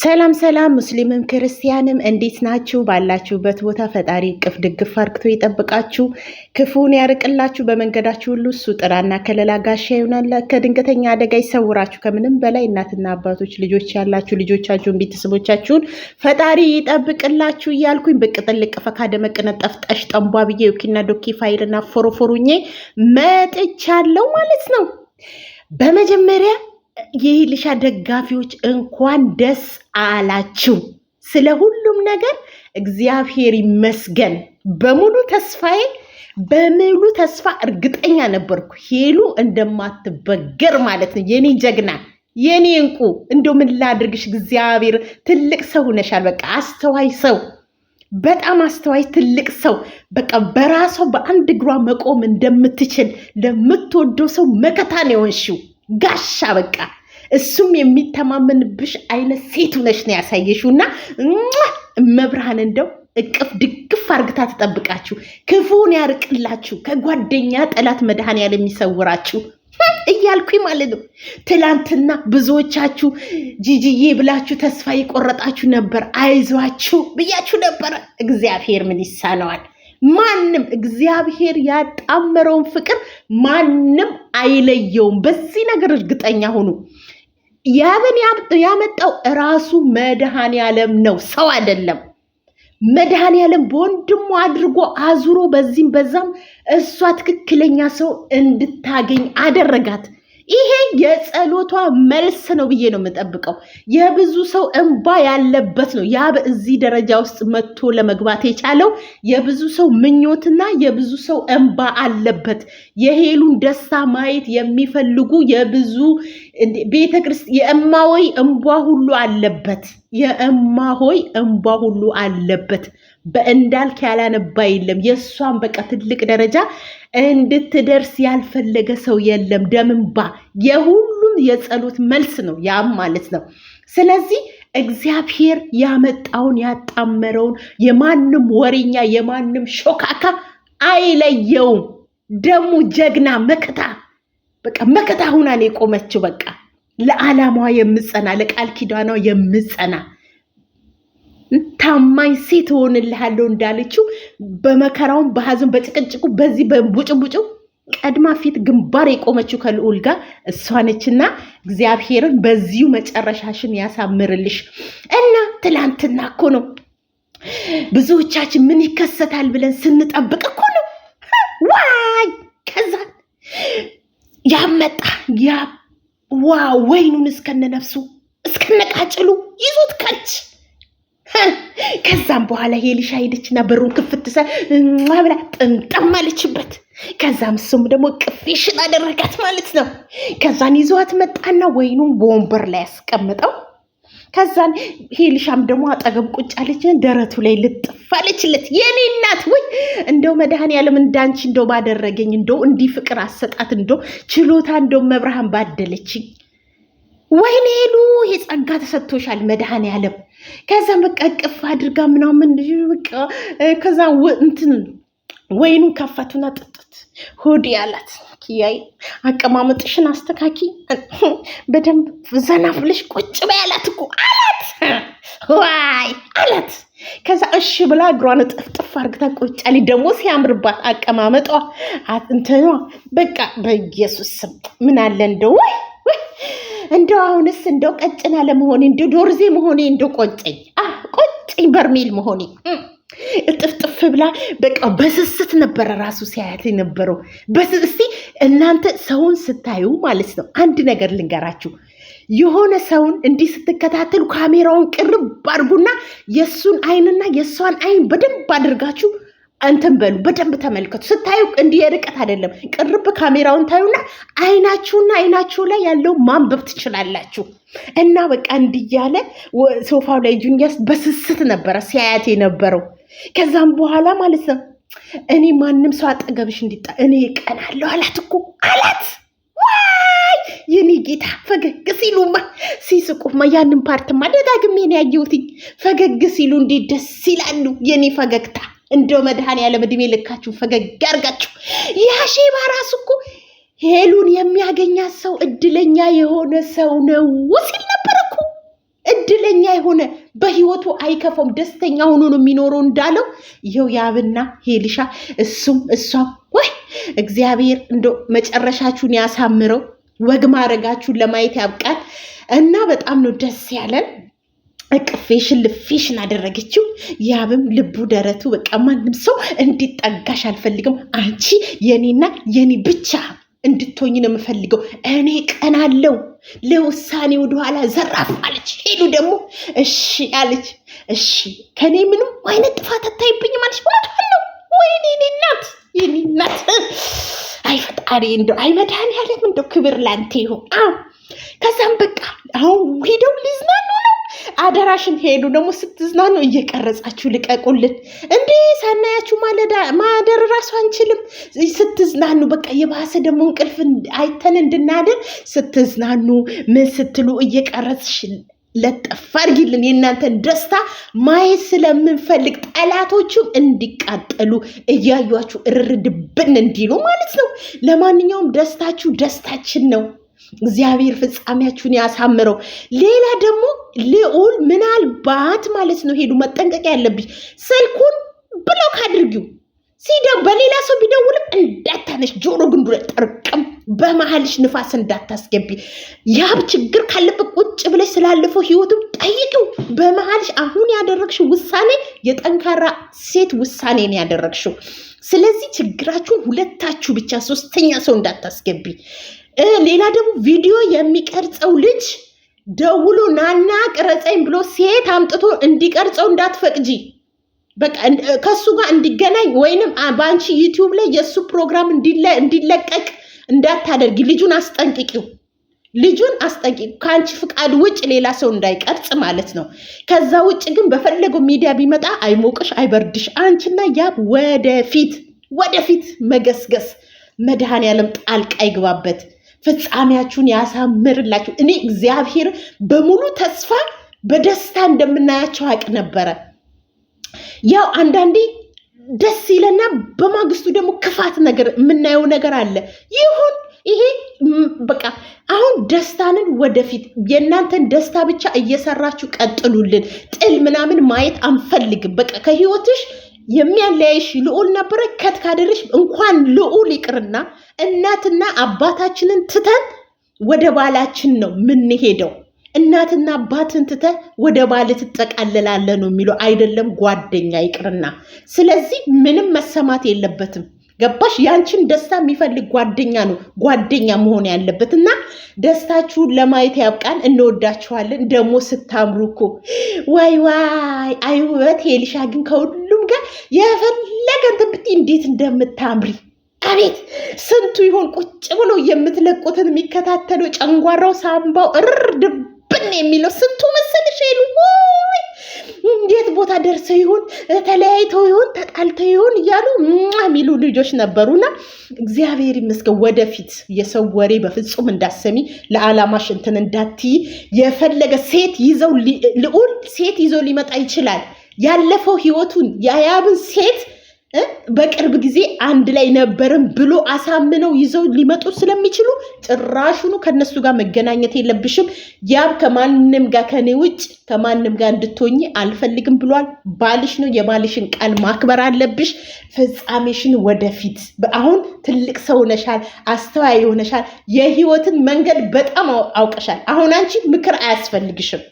ሰላም ሰላም፣ ሙስሊምም ክርስቲያንም እንዴት ናችሁ? ባላችሁበት ቦታ ፈጣሪ ቅፍ ድግፍ አርግቶ ይጠብቃችሁ፣ ክፉን ያርቅላችሁ፣ በመንገዳችሁ ሁሉ እሱ ጥራና ከለላ ጋሻ ይሆናል፣ ከድንገተኛ አደጋ ይሰውራችሁ። ከምንም በላይ እናትና አባቶች ልጆች ያላችሁ ልጆቻችሁን ቤተሰቦቻችሁን ፈጣሪ ይጠብቅላችሁ እያልኩኝ ብቅ ጥልቅ ፈካ ደመቅ ጠሽ ጠንቧ ብዬ ዩኪና ዶኪ ፋይልና ፎሮፎሩኜ መጥቻለሁ ማለት ነው በመጀመሪያ የኢሊሻ ደጋፊዎች እንኳን ደስ አላችሁ። ስለ ሁሉም ነገር እግዚአብሔር ይመስገን። በሙሉ ተስፋዬ በሙሉ ተስፋ እርግጠኛ ነበርኩ ሄሉ እንደማትበገር ማለት ነው። የኔ ጀግና፣ የኔ እንቁ፣ እንደው ምን ላድርግሽ? እግዚአብሔር ትልቅ ሰው ሆነሻል። በቃ አስተዋይ ሰው፣ በጣም አስተዋይ ትልቅ ሰው፣ በቃ በራሷ በአንድ እግሯ መቆም እንደምትችል ለምትወደው ሰው መከታ ነው የሆንሽው። ጋሻ በቃ እሱም የሚተማመንብሽ አይነት ሴት ነሽ ነው ያሳየሽው። እና መብርሃን እንደው እቅፍ ድግፍ አርግታ ትጠብቃችሁ፣ ክፉን ያርቅላችሁ፣ ከጓደኛ ጠላት መድኃኔዓለም የሚሰውራችሁ እያልኩኝ ማለት ነው። ትላንትና ብዙዎቻችሁ ጂጂዬ ብላችሁ ተስፋ የቆረጣችሁ ነበር። አይዟችሁ ብያችሁ ነበረ። እግዚአብሔር ምን ይሳነዋል? ማንም እግዚአብሔር ያጣመረውን ፍቅር ማንም አይለየውም። በዚህ ነገር እርግጠኛ ሁኑ። ያምን ያመጣው እራሱ መድኃኔ ዓለም ነው፣ ሰው አይደለም። መድኃኔ በወንድሙ አድርጎ አዙሮ በዚህም በዛም እሷ ትክክለኛ ሰው እንድታገኝ አደረጋት። ይሄ የጸሎቷ መልስ ነው ብዬ ነው የምጠብቀው። የብዙ ሰው እንባ ያለበት ነው ያ በዚህ ደረጃ ውስጥ መጥቶ ለመግባት የቻለው የብዙ ሰው ምኞትና የብዙ ሰው እንባ አለበት። የሄሉን ደስታ ማየት የሚፈልጉ የብዙ ቤተክርስቲያን የእማሆይ እንባ ሁሉ አለበት። የእማሆይ እንባ ሁሉ አለበት። በእንዳልክ ያላነባ የለም። የእሷን በቃ ትልቅ ደረጃ እንድትደርስ ያልፈለገ ሰው የለም። ደምንባ የሁሉም የጸሎት መልስ ነው ያም ማለት ነው። ስለዚህ እግዚአብሔር ያመጣውን ያጣመረውን የማንም ወሬኛ የማንም ሾካካ አይለየውም። ደሙ ጀግና መከታ በቃ መከታ ሁና ነው የቆመችው። በቃ ለዓላማዋ የምጸና ለቃል ኪዳኗ የምጸና ታማኝ ሴት እሆንልሃለሁ እንዳለችው በመከራውን በሀዘን በጭቅጭቁ በዚህ በቡጭቡጭ ቀድማ ፊት ግንባር የቆመችው ከልዑል ጋር እሷነችና እግዚአብሔርን በዚሁ መጨረሻሽን ያሳምርልሽ። እና ትላንትና እኮ ነው ብዙዎቻችን ምን ይከሰታል ብለን ስንጠብቅ እኮ ነው ዋይ ከዛ ያመጣ ያ ዋ ወይኑን እስከነ ነፍሱ እስከነ ቃጭሉ ይዞት ከች ከዛም በኋላ ሄሊሻ ሄደችና በሩን ክፍት ብላ ጥምጣም አለችበት። ከዛም እሱም ደግሞ ቅፌሽን አደረጋት ማለት ነው። ከዛን ይዘዋት መጣና ወይኑን በወንበር ላይ ያስቀምጠው። ከዛን ሄልሻም ደግሞ አጠገብ ቁጭ አለች፣ ደረቱ ላይ ልጥፋለችለት። የኔ እናት ወይ እንደው መድኃኔዓለም እንዳንቺ እንደው ባደረገኝ እንደው እንዲህ ፍቅር አሰጣት እንደው ችሎታ እንደው መብርሃን ባደለችኝ ወይኔ ሄሉ ይሄ ጸጋ ተሰጥቶሻል መድኃኔዓለም። ከዛ በቃ እቅፍ አድርጋ ምናምን ከዛ እንትን ወይኑ ከፈቱና ጥጡት ሆድ ያላት ክያይ አቀማመጥሽን አስተካኪ በደንብ ዘና ብለሽ ቁጭ በያላት እኮ አላት፣ ዋይ አላት። ከዛ እሺ ብላ እግሯን ጥፍጥፍ አርግታ ቁጭ ደግሞ ሲያምርባት አቀማመጧ እንትኗ በቃ በኢየሱስ ስም ምን አለ እንደው ወይ እንደው አሁንስ እንደው ቀጭና ለመሆኔ እንደው ዶርዜ መሆኔ እንደው ቆጨኝ፣ ቆጨኝ በርሜል መሆኔ እጥፍጥፍ ብላ በቃ በስስት ነበረ ራሱ ሲያያት የነበረው። እስቲ እናንተ ሰውን ስታዩ ማለት ነው አንድ ነገር ልንገራችሁ። የሆነ ሰውን እንዲህ ስትከታተሉ ካሜራውን ቅርብ አድርጉና የእሱን አይንና የእሷን አይን በደንብ አድርጋችሁ እንትን በሉ በደንብ ተመልከቱ። ስታዩ እንዲህ የርቀት አይደለም፣ ቅርብ ካሜራውን ታዩና አይናችሁና አይናችሁ ላይ ያለው ማንበብ ትችላላችሁ። እና በቃ እንዲያለ ሶፋው ላይ ጁኒያስ በስስት ነበረ ሲያያት የነበረው። ከዛም በኋላ ማለት ነው እኔ ማንም ሰው አጠገብሽ እንዲጣ እኔ እቀናለሁ አላት እኮ አላት። ዋይ የኔ ጌታ ፈገግ ሲሉማ ሲስቁማ ያንን ፓርትማ ደጋግሜ ነው ያየሁትኝ። ፈገግ ሲሉ እንዴት ደስ ይላሉ የኔ ፈገግታ እንደው መድኃኔዓለም ዕድሜ ልካችሁ ፈገግ አርጋችሁ። የአሼባ ራሱ እኮ ሄሉን የሚያገኛት ሰው እድለኛ የሆነ ሰው ነው ሲል ነበር እኮ። እድለኛ የሆነ በህይወቱ አይከፋውም፣ ደስተኛ ሆኖ ነው የሚኖረው እንዳለው ይኸው ያብና ሄልሻ እሱም እሷም። ወይ እግዚአብሔር እንደው መጨረሻችሁን ያሳምረው፣ ወግ ማድረጋችሁን ለማየት ያብቃል። እና በጣም ነው ደስ ያለን። እቅፌሽን ልፌሽን አደረገችው። ያብም ልቡ ደረቱ በቃ ማንም ሰው እንዲጠጋሽ አልፈልግም። አንቺ የኔና የኔ ብቻ እንድትሆኝ ነው የምፈልገው። እኔ ቀናለው ለውሳኔ ወደኋላ ዘራፍ አለች። ሄሉ ደግሞ እሺ አለች። እሺ ከኔ ምንም አይነት ጥፋት አታይብኝ ማለች። ባለው ወይኔ የኔ እናት የኔ እናት፣ አይ እንደው አይ መድኃኒዓለም፣ እንደው ክብር ላንተ ይሁን። ከዛም በቃ አሁን ሄደው ሊዝናኑ አደራሽን ሄዱ ደግሞ ስትዝናኑ እየቀረጻችሁ ልቀቁልን እንዴ! ሳናያችሁ ማደር ራሱ አንችልም። ስትዝናኑ በቃ የባሰ ደግሞ እንቅልፍ አይተን እንድናደር ስትዝናኑ ምን ስትሉ እየቀረጽሽ ለጠፍ አድርጊልን። የእናንተን ደስታ ማየት ስለምንፈልግ ጠላቶቹም እንዲቃጠሉ እያዩችሁ እርርድብን እንዲሉ ማለት ነው። ለማንኛውም ደስታችሁ ደስታችን ነው። እግዚአብሔር ፍጻሜያችሁን ያሳምረው። ሌላ ደግሞ ልዑል ምናልባት ማለት ነው ሄዱ መጠንቀቅ ያለብሽ ስልኩን ብሎክ አድርጊው። ሲደ በሌላ ሰው ቢደውልም እንዳታነሽ፣ ጆሮ ግንዱ ጠርቅም፣ በመሀልሽ ንፋስ እንዳታስገቢ። ያብ ችግር ካለበት ቁጭ ብለሽ ስላለፈው ህይወትም ጠይቂው። በመሀልሽ አሁን ያደረግሽው ውሳኔ የጠንካራ ሴት ውሳኔ ነው ያደረግሽው። ስለዚህ ችግራችሁን ሁለታችሁ ብቻ ሶስተኛ ሰው እንዳታስገቢ። ሌላ ደግሞ ቪዲዮ የሚቀርጸው ልጅ ደውሎ ናና ቅረጸኝ ብሎ ሴት አምጥቶ እንዲቀርጸው እንዳትፈቅጂ። ከሱ ጋር እንዲገናኝ ወይንም በአንቺ ዩቲዩብ ላይ የእሱ ፕሮግራም እንዲለቀቅ እንዳታደርጊ። ልጁን አስጠንቅቂው፣ ልጁን አስጠንቅቂው። ከአንቺ ፍቃድ ውጭ ሌላ ሰው እንዳይቀርጽ ማለት ነው። ከዛ ውጭ ግን በፈለገው ሚዲያ ቢመጣ አይሞቅሽ፣ አይበርድሽ። አንቺና ያብ ወደፊት ወደፊት መገስገስ መድኃኔዓለም ጣልቃ ይግባበት። ፍጻሜያችሁን ያሳምርላችሁ። እኔ እግዚአብሔር በሙሉ ተስፋ በደስታ እንደምናያቸው አቅ ነበረ። ያው አንዳንዴ ደስ ይለና በማግስቱ ደግሞ ክፋት ነገር የምናየው ነገር አለ። ይሁን ይሄ በቃ አሁን ደስታንን ወደፊት የእናንተን ደስታ ብቻ እየሰራችሁ ቀጥሉልን። ጥል ምናምን ማየት አንፈልግም። በቃ ከህይወትሽ የሚያለያይሽ ልዑል ነበረ። ከትካደርሽ እንኳን ልዑል ይቅርና እናትና አባታችንን ትተን ወደ ባላችን ነው የምንሄደው። እናትና አባትን ትተ ወደ ባል ትጠቃለላለ ነው የሚለው አይደለም ጓደኛ ይቅርና። ስለዚህ ምንም መሰማት የለበትም። ገባሽ? ያንቺን ደስታ የሚፈልግ ጓደኛ ነው ጓደኛ መሆን ያለበት። እና ደስታችሁን ለማየት ያብቃን። እንወዳችኋለን። ደግሞ ስታምሩ እኮ ዋይ ዋይ! አይ ውበት ሄልሻ ግን ከሁሉም ጋር የፈለገ እንትን ብትይ እንዴት እንደምታምሪ አቤት ስንቱ ይሆን ቁጭ ብሎ የምትለቁትን የሚከታተለው ጨንጓራው፣ ሳምባው እርር ድብን የሚለው ስንቱ መሰልሽ ሄሉ ቦታ ደርሰው ይሁን ተለያይተው ይሁን ተጣልተው ይሁን እያሉ የሚሉ ልጆች ነበሩና እግዚአብሔር ይመስገን። ወደፊት የሰው ወሬ በፍጹም እንዳሰሚ ለዓላማሽ እንትን እንዳትይ። የፈለገ ሴት ይዘው ልዑል ሴት ይዘው ሊመጣ ይችላል። ያለፈው ህይወቱን ያያብን ሴት በቅርብ ጊዜ አንድ ላይ ነበርን ብሎ አሳምነው ይዘው ሊመጡ ስለሚችሉ ጭራሹኑ ከነሱ ጋር መገናኘት የለብሽም፣ ያብ ከማንም ጋር ከኔ ውጭ ከማንም ጋር እንድትሆኝ አልፈልግም ብሏል። ባልሽ ነው፣ የባልሽን ቃል ማክበር አለብሽ። ፍጻሜሽን ወደፊት አሁን ትልቅ ሰው ሆነሻል፣ አስተዋይ ሆነሻል፣ የህይወትን መንገድ በጣም አውቀሻል። አሁን አንቺ ምክር አያስፈልግሽም።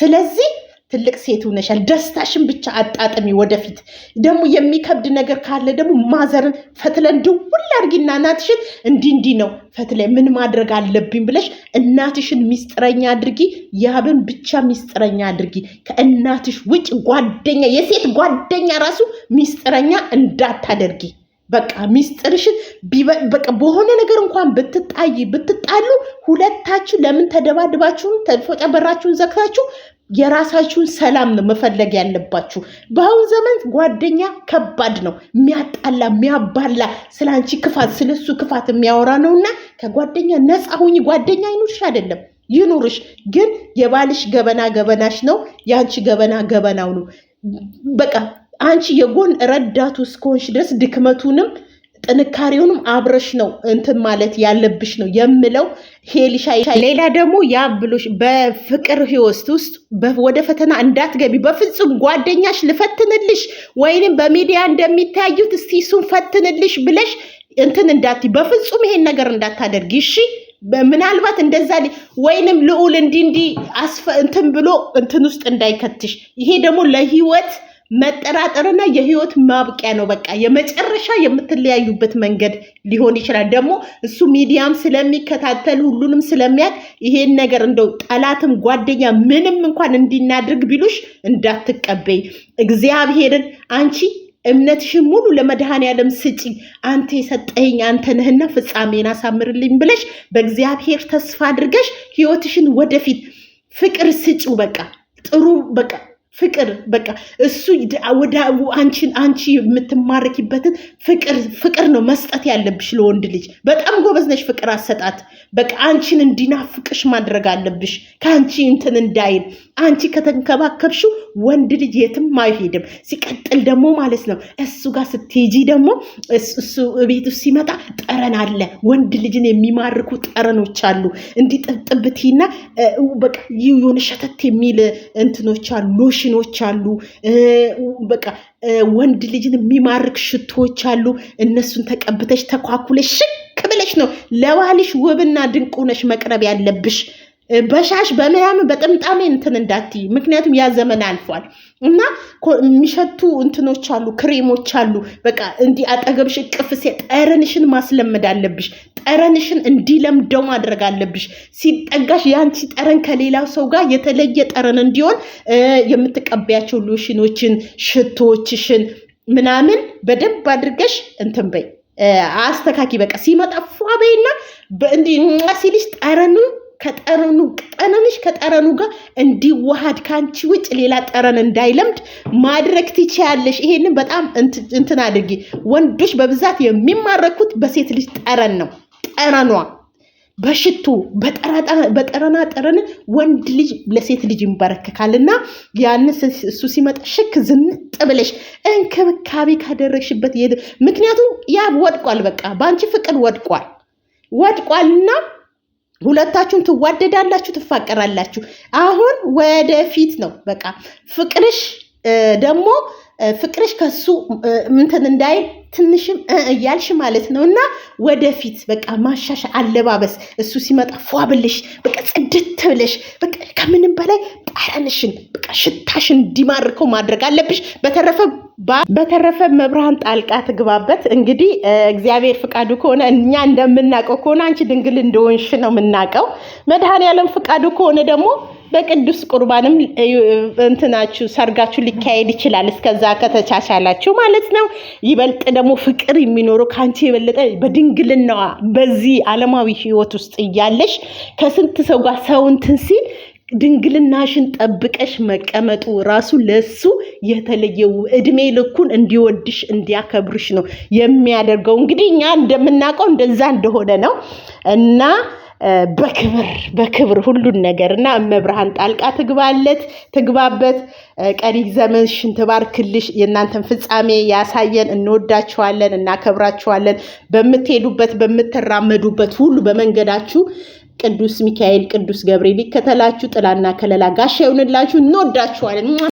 ስለዚህ ትልቅ ሴት ሆነሻል። ደስታሽን ብቻ አጣጥሚ። ወደፊት ደግሞ የሚከብድ ነገር ካለ ደግሞ ማዘርን ፈትለን ድውል አድርጊና እናትሽን እንዲ እንዲ ነው ፈትለ ምን ማድረግ አለብኝ ብለሽ እናትሽን ሚስጥረኛ አድርጊ። ያብን ብቻ ሚስጥረኛ አድርጊ። ከእናትሽ ውጭ ጓደኛ፣ የሴት ጓደኛ ራሱ ሚስጥረኛ እንዳታደርጊ። በቃ ሚስጥርሽን በቃ በሆነ ነገር እንኳን ብትጣይ ብትጣሉ ሁለታችሁ ለምን ተደባድባችሁን ተፎጫ በራችሁን ዘግታችሁ የራሳችሁን ሰላም ነው መፈለግ ያለባችሁ። በአሁን ዘመን ጓደኛ ከባድ ነው። የሚያጣላ የሚያባላ ስለ አንቺ ክፋት ስለ እሱ ክፋት የሚያወራ ነው እና ከጓደኛ ነፃ ሁኝ። ጓደኛ ይኑርሽ አይደለም ይኑርሽ፣ ግን የባልሽ ገበና ገበናሽ ነው፣ የአንቺ ገበና ገበናው ነው በቃ አንቺ የጎን ረዳቱ እስከሆንሽ ድረስ ድክመቱንም ጥንካሬውንም አብረሽ ነው እንትን ማለት ያለብሽ ነው የምለው ሄልሻ። ሌላ ደግሞ ያ ብሎሽ በፍቅር ህይወት ውስጥ ወደ ፈተና እንዳትገቢ በፍጹም ጓደኛሽ ልፈትንልሽ ወይንም በሚዲያ እንደሚታዩት እስቲ እሱን ፈትንልሽ ብለሽ እንትን እንዳት በፍጹም ይሄን ነገር እንዳታደርጊ እሺ። ምናልባት እንደዛ ወይንም ልዑል እንዲ እንዲህ እንትን ብሎ እንትን ውስጥ እንዳይከትሽ። ይሄ ደግሞ ለህይወት መጠራጠርና የህይወት ማብቂያ ነው። በቃ የመጨረሻ የምትለያዩበት መንገድ ሊሆን ይችላል። ደግሞ እሱ ሚዲያም ስለሚከታተል ሁሉንም ስለሚያቅ ይሄን ነገር እንደው ጠላትም ጓደኛ ምንም እንኳን እንዲናድርግ ቢሉሽ እንዳትቀበይ። እግዚአብሔርን አንቺ እምነትሽን ሙሉ ለመድኃኔዓለም ስጪ። አንተ የሰጠኸኝ አንተ ነህና ፍጻሜን አሳምርልኝ ብለሽ በእግዚአብሔር ተስፋ አድርገሽ ህይወትሽን ወደፊት ፍቅር ስጪው። በቃ ጥሩ በቃ ፍቅር በቃ እሱ ወደ አንቺን አንቺ የምትማረኪበትን ፍቅር ፍቅር ነው መስጠት ያለብሽ ለወንድ ልጅ። በጣም ጎበዝ ነሽ ፍቅር አሰጣት። በቃ አንቺን እንዲናፍቅሽ ማድረግ አለብሽ። ከአንቺ እንትን እንዳይል አንቺ ከተንከባከብሽው ወንድ ልጅ የትም አይሄድም። ሲቀጥል ደግሞ ማለት ነው እሱ ጋር ስትሄጂ ደግሞ እሱ ቤቱ ሲመጣ ጠረን አለ። ወንድ ልጅን የሚማርኩ ጠረኖች አሉ። እንዲህ ጥብጥብቲና በቃ የሆነ ሸተት የሚል እንትኖች አሉ፣ ሎሽኖች አሉ። በቃ ወንድ ልጅን የሚማርክ ሽቶዎች አሉ። እነሱን ተቀብተሽ ተኳኩለሽ ሽክ ብለሽ ነው ለባልሽ ውብና ድንቁነሽ መቅረብ ያለብሽ። በሻሽ በምናም በጥምጣሜ እንትን እንዳትይ፣ ምክንያቱም ያ ዘመን አልፏል እና የሚሸቱ እንትኖች አሉ፣ ክሬሞች አሉ። በቃ እንዲህ አጠገብሽ እቅፍ ሴ ጠረንሽን ማስለመድ አለብሽ። ጠረንሽን እንዲለምደው ማድረግ አለብሽ። ሲጠጋሽ የአንቺ ጠረን ከሌላው ሰው ጋር የተለየ ጠረን እንዲሆን የምትቀበያቸው ሎሽኖችን፣ ሽቶችሽን ምናምን በደንብ አድርገሽ እንትን በይ አስተካኪ። በቃ ሲመጣ ፏበይና በይና ሲልሽ ጠረኑ ከጠረኑ ጠረንሽ ከጠረኑ ጋር እንዲዋሃድ ከአንቺ ውጭ ሌላ ጠረን እንዳይለምድ ማድረግ ትችያለሽ። ይሄንን በጣም እንትን አድርጊ። ወንዶች በብዛት የሚማረኩት በሴት ልጅ ጠረን ነው። ጠረኗ በሽቱ በጠረና ጠረን ወንድ ልጅ ለሴት ልጅ ይንበረከካልና ያን እሱ ሲመጣ ሽክ ዝንጥ ብለሽ እንክብካቤ ካደረግሽበት ምክንያቱም ያ ወድቋል፣ በቃ በአንቺ ፍቅር ወድቋል ወድቋልና ሁለታችሁም ትዋደዳላችሁ፣ ትፋቀራላችሁ። አሁን ወደፊት ነው በቃ ፍቅርሽ ደግሞ ፍቅርሽ ከሱ ምንትን እንዳይል ትንሽም እያልሽ ማለት ነው። እና ወደፊት በቃ ማሻሻ አለባበስ እሱ ሲመጣ ፏ ብልሽ በቃ ጽድት ብለሽ በቃ ከምንም በላይ ጠረንሽን በቃ ሽታሽን እንዲማርከው ማድረግ አለብሽ። በተረፈ በተረፈ መብርሃን ጣልቃ ትግባበት። እንግዲህ እግዚአብሔር ፍቃዱ ከሆነ እኛ እንደምናውቀው ከሆነ አንቺ ድንግል እንደሆንሽ ነው የምናውቀው። መድኃኔዓለም ፍቃዱ ከሆነ ደግሞ በቅዱስ ቁርባንም እንትናችሁ ሰርጋችሁ ሊካሄድ ይችላል። እስከዛ ከተቻቻላችሁ ማለት ነው። ይበልጥ ደግሞ ፍቅር የሚኖረው ከአንቺ የበለጠ በድንግልናዋ በዚህ ዓለማዊ ሕይወት ውስጥ እያለሽ ከስንት ሰው ጋር ሰው እንትን ሲል ድንግልናሽን ጠብቀሽ መቀመጡ ራሱ ለሱ የተለየ እድሜ ልኩን እንዲወድሽ እንዲያከብርሽ ነው የሚያደርገው። እንግዲህ እኛ እንደምናውቀው እንደዛ እንደሆነ ነው እና በክብር በክብር ሁሉን ነገር እና እመብርሃን ጣልቃ ትግባለት ትግባበት። ቀሪ ዘመንሽን ትባርክልሽ። የእናንተን ፍጻሜ ያሳየን። እንወዳችኋለን፣ እናከብራችኋለን። በምትሄዱበት በምትራመዱበት ሁሉ በመንገዳችሁ ቅዱስ ሚካኤል፣ ቅዱስ ገብርኤል ይከተላችሁ። ጥላና ከለላ ጋሻ ይሆንላችሁ። እንወዳችኋለን።